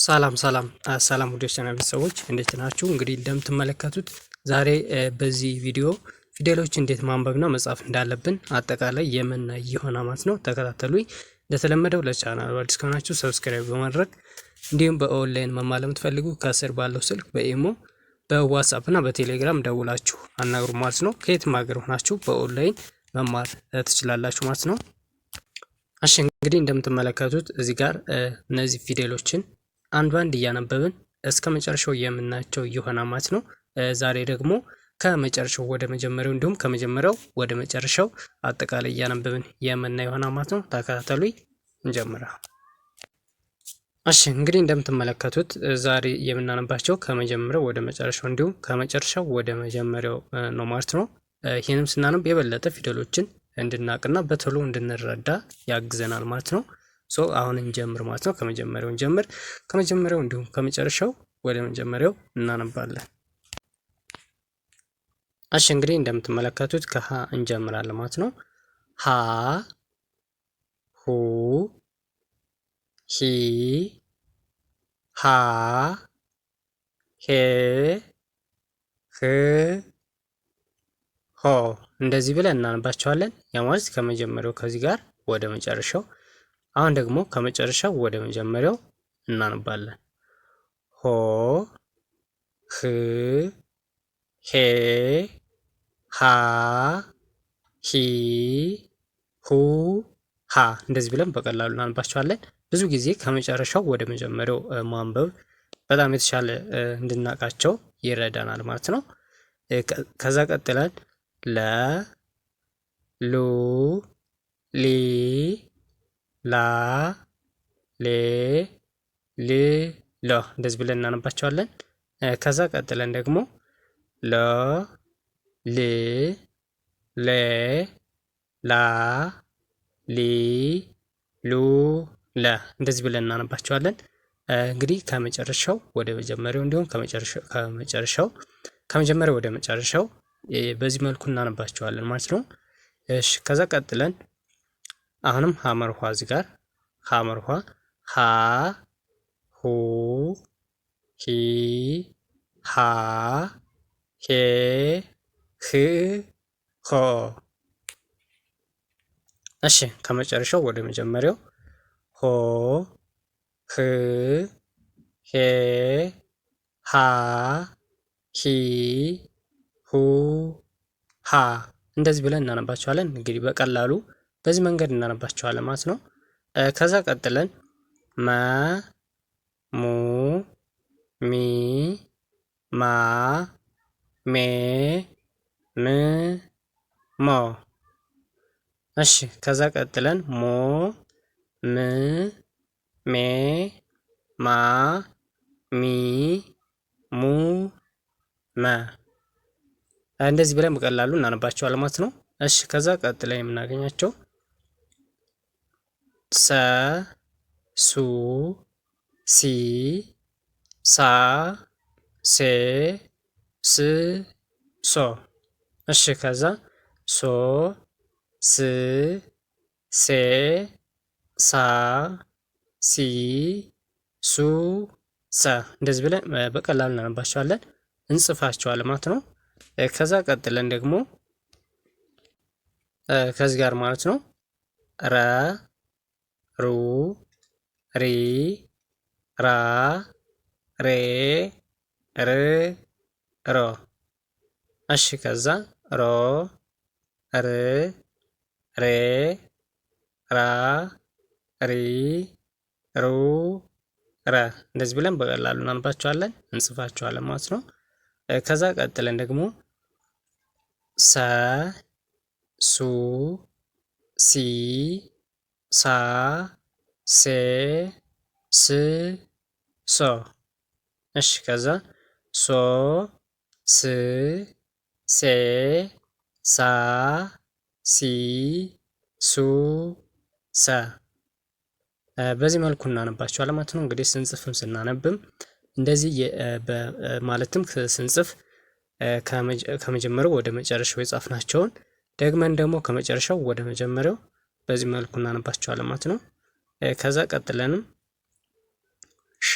ሰላም ሰላም ሰላም ውድ ቻናል ሰዎች እንዴት ናችሁ? እንግዲህ እንደምትመለከቱት ዛሬ በዚህ ቪዲዮ ፊደሎች እንዴት ማንበብና መጻፍ እንዳለብን አጠቃላይ የምና የሆነ ማለት ነው። ተከታተሉ። እንደተለመደው ለቻናል አዲስ ከሆናችሁ ሰብስክራይብ በማድረግ እንዲሁም በኦንላይን መማር ለምትፈልጉ ከስር ባለው ስልክ በኢሞ በዋትሳፕ እና በቴሌግራም ደውላችሁ አናግሩ ማለት ነው። ከየትም ሀገር ሆናችሁ በኦንላይን መማር ትችላላችሁ ማለት ነው። እሺ እንግዲህ እንደምትመለከቱት እዚህ ጋር እነዚህ ፊደሎችን አንድ አንድ እያነበብን እስከ መጨረሻው የምናያቸው ይሆናል ማለት ነው። ዛሬ ደግሞ ከመጨረሻው ወደ መጀመሪያው እንዲሁም ከመጀመሪያው ወደ መጨረሻው አጠቃላይ እያነበብን የምናየው ይሆናል ማለት ነው። ተከታተሉኝ፣ እንጀምራ። እሺ እንግዲህ እንደምትመለከቱት ዛሬ የምናነባቸው ከመጀመሪያው ወደ መጨረሻው እንዲሁም ከመጨረሻው ወደ መጀመሪያው ነው ማለት ነው። ይህንም ስናነብ የበለጠ ፊደሎችን እንድናቅና በቶሎ እንድንረዳ ያግዘናል ማለት ነው። ሶ አሁን እንጀምር ማለት ነው። ከመጀመሪያው እንጀምር። ከመጀመሪያው እንዲሁም ከመጨረሻው ወደ መጀመሪያው እናነባለን። እሺ እንግዲህ እንደምትመለከቱት ከሀ እንጀምራለን ማለት ነው። ሀ ሁ ሂ ሃ ሄ ህ ሆ እንደዚህ ብለን እናነባቸዋለን። ያ ማለት ከመጀመሪያው ከዚህ ጋር ወደ መጨረሻው አሁን ደግሞ ከመጨረሻው ወደ መጀመሪያው እናነባለን። ሆ ህ ሄ ሀ ሂ ሁ ሀ እንደዚህ ብለን በቀላሉ እናነባቸዋለን። ብዙ ጊዜ ከመጨረሻው ወደ መጀመሪያው ማንበብ በጣም የተሻለ እንድናውቃቸው ይረዳናል ማለት ነው። ከዛ ቀጥለን ለ ሉ ሊ ላ ሌ ሌ ሎ እንደዚህ ብለን እናነባቸዋለን። ከዛ ቀጥለን ደግሞ ሎ ል ሌ ላ ሊ ሉ ለ እንደዚህ ብለን እናነባቸዋለን። እንግዲህ ከመጨረሻው ወደ መጀመሪያው እንዲሁም ከመጨረሻው ከመጀመሪያው ወደ መጨረሻው በዚህ መልኩ እናነባቸዋለን ማለት ነው። እሺ ከዛ ቀጥለን አሁንም ሐመር ውሃ እዚህ ጋር ሀመር ውሃ ሀ ሁ ሂ ሀ ሄ ህ ሆ። እሺ ከመጨረሻው ወደ መጀመሪያው ሆ ህ ሄ ሀ ሂ ሁ ሀ እንደዚህ ብለን እናነባቸዋለን። እንግዲህ በቀላሉ በዚህ መንገድ እናነባቸዋለን ማለት ነው። ከዛ ቀጥለን መ ሙ ሚ ማ ሜ ም ሞ። እሺ ከዛ ቀጥለን ሞ ም ሜ ማ ሚ ሙ መ እንደዚህ ብለን በቀላሉ እናነባቸዋለን ማለት ነው። እሺ ከዛ ቀጥለን የምናገኛቸው ሰ ሱ ሲ ሳ ሴ ስ ሶ። እሺ ከዛ ሶ ስ ሴ ሳ ሲ ሱ ሰ እንደዚህ ብለን በቀላሉ እናነባቸዋለን እንጽፋቸዋለን ማለት ነው። ከዛ ቀጥለን ደግሞ ከዚህ ጋር ማለት ነው ረ ሩ ሪ ራ ሬ ር ሮ እሺ ከዛ ሮ ር ሬ ራ ሪ ሩ ረ እንደዚህ ብለን በቀላሉ እናንባቸዋለን እንጽፋቸዋለን ማለት ነው። ከዛ ቀጥለን ደግሞ ሰ ሱ ሲ ሳ ሴ ስ ሶ እሺ ከዛ ሶ ስ ሴ ሳ ሲ ሱ ሰ በዚህ መልኩ እናነባቸው ማለት ነው። እንግዲህ ስንጽፍም ስናነብም እንደዚህ ማለትም ስንጽፍ ከመጀመሪያው ወደ መጨረሻው የጻፍናቸውን ደግመን ደግሞ ከመጨረሻው ወደ መጀመሪያው በዚህ መልኩ እናነባቸዋለን ማለት ነው። ከዛ ቀጥለንም ሸ፣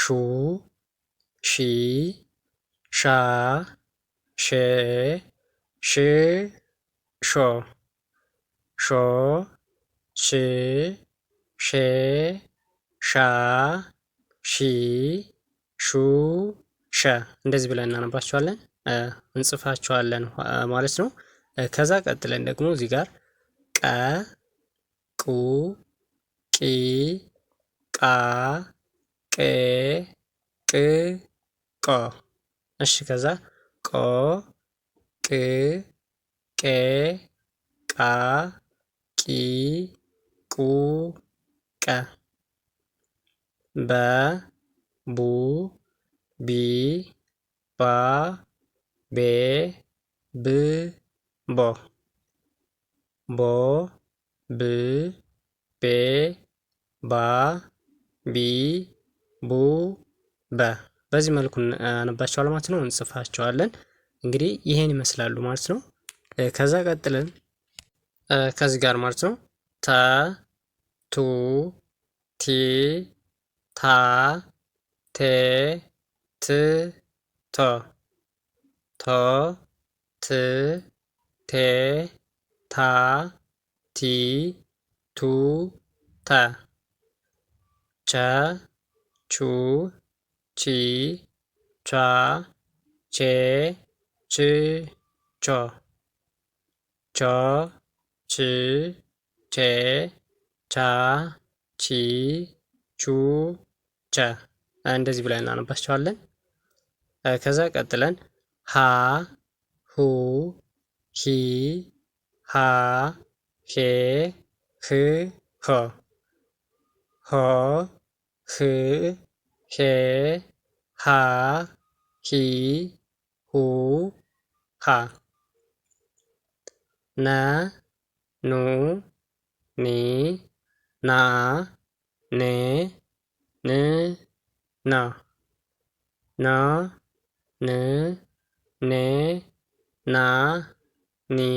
ሹ፣ ሺ፣ ሻ፣ ሼ፣ ሽ፣ ሾ፣ ሾ፣ ሽ፣ ሼ፣ ሻ፣ ሺ፣ ሹ፣ ሸ እንደዚህ ብለን እናነባቸዋለን እንጽፋቸዋለን ማለት ነው። ከዛ ቀጥለን ደግሞ እዚህ ጋር ቀ ቁ ቂ ቃ ቄ ቅ ቆ እሺ ከዛ ቆ ቅ ቄ ቃ ቂ ቁ ቀ በ ቡ ቢ ባ ቤ ብ ቦ ቦ ብ ቤ ባ ቢ ቡ በ በዚህ መልኩ አነባቸዋል ማለት ነው እንጽፋቸዋለን። እንግዲህ ይሄን ይመስላሉ ማለት ነው። ከዛ ቀጥለን ከዚህ ጋር ማለት ነው ተ ቱ ቲ ታ ቴ ት ቶ ቶ ት ቴ ታ ቲ ቱ ተ ቸ ቹ ቺ ቻ ቼ ቺ ቾ ቾ ቺ ቼ ቻ ቺ ቹ ቸ እንደዚህ ብለን እናነባቸዋለን። ከዛ ቀጥለን ሀ ሁ ሂ หาเคคือหอหอคือเคหาขีหูหานะหนูหนีนาเนเนนานาเนเนนาหนี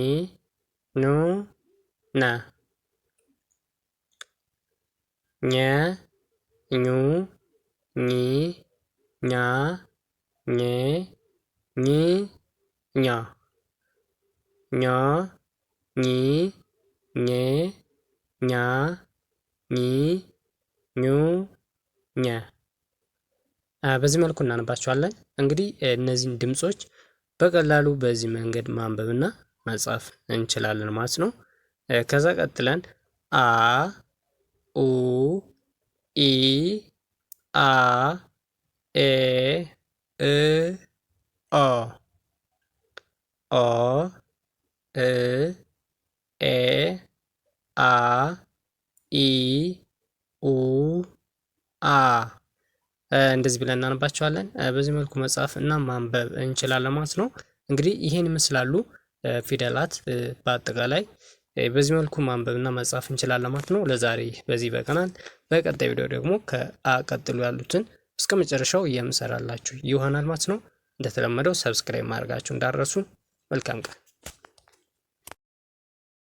ኑ ና ኘ ኙ ኚ ኛ ኜ ኚ ኛ ኛ ኚ ኜ ኛ ኚ ኙ ኘ በዚህ መልኩ እናነባቸዋለን። እንግዲህ እነዚህን ድምጾች በቀላሉ በዚህ መንገድ ማንበብና መጻፍ እንችላለን ማለት ነው። ከዛ ቀጥለን አ ኡ ኢ አ ኤ እ ኦ ኦ እ ኤ አ ኢ ኡ አ እንደዚህ ብለን እናነባቸዋለን። በዚህ መልኩ መጻፍ እና ማንበብ እንችላለን ማለት ነው። እንግዲህ ይሄን ይመስላሉ። ፊደላት በአጠቃላይ በዚህ መልኩ ማንበብና መጻፍ እንችላለን ማለት ነው። ለዛሬ በዚህ በቀናል። በቀጣይ ቪዲዮ ደግሞ ከአ ቀጥሎ ያሉትን እስከ መጨረሻው የምሰራላችሁ ይሆናል ማለት ነው። እንደተለመደው ሰብስክራይብ ማድረጋችሁ እንዳረሱ። መልካም ቀን